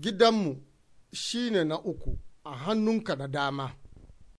gidanmu shine na uku a hannunka na dama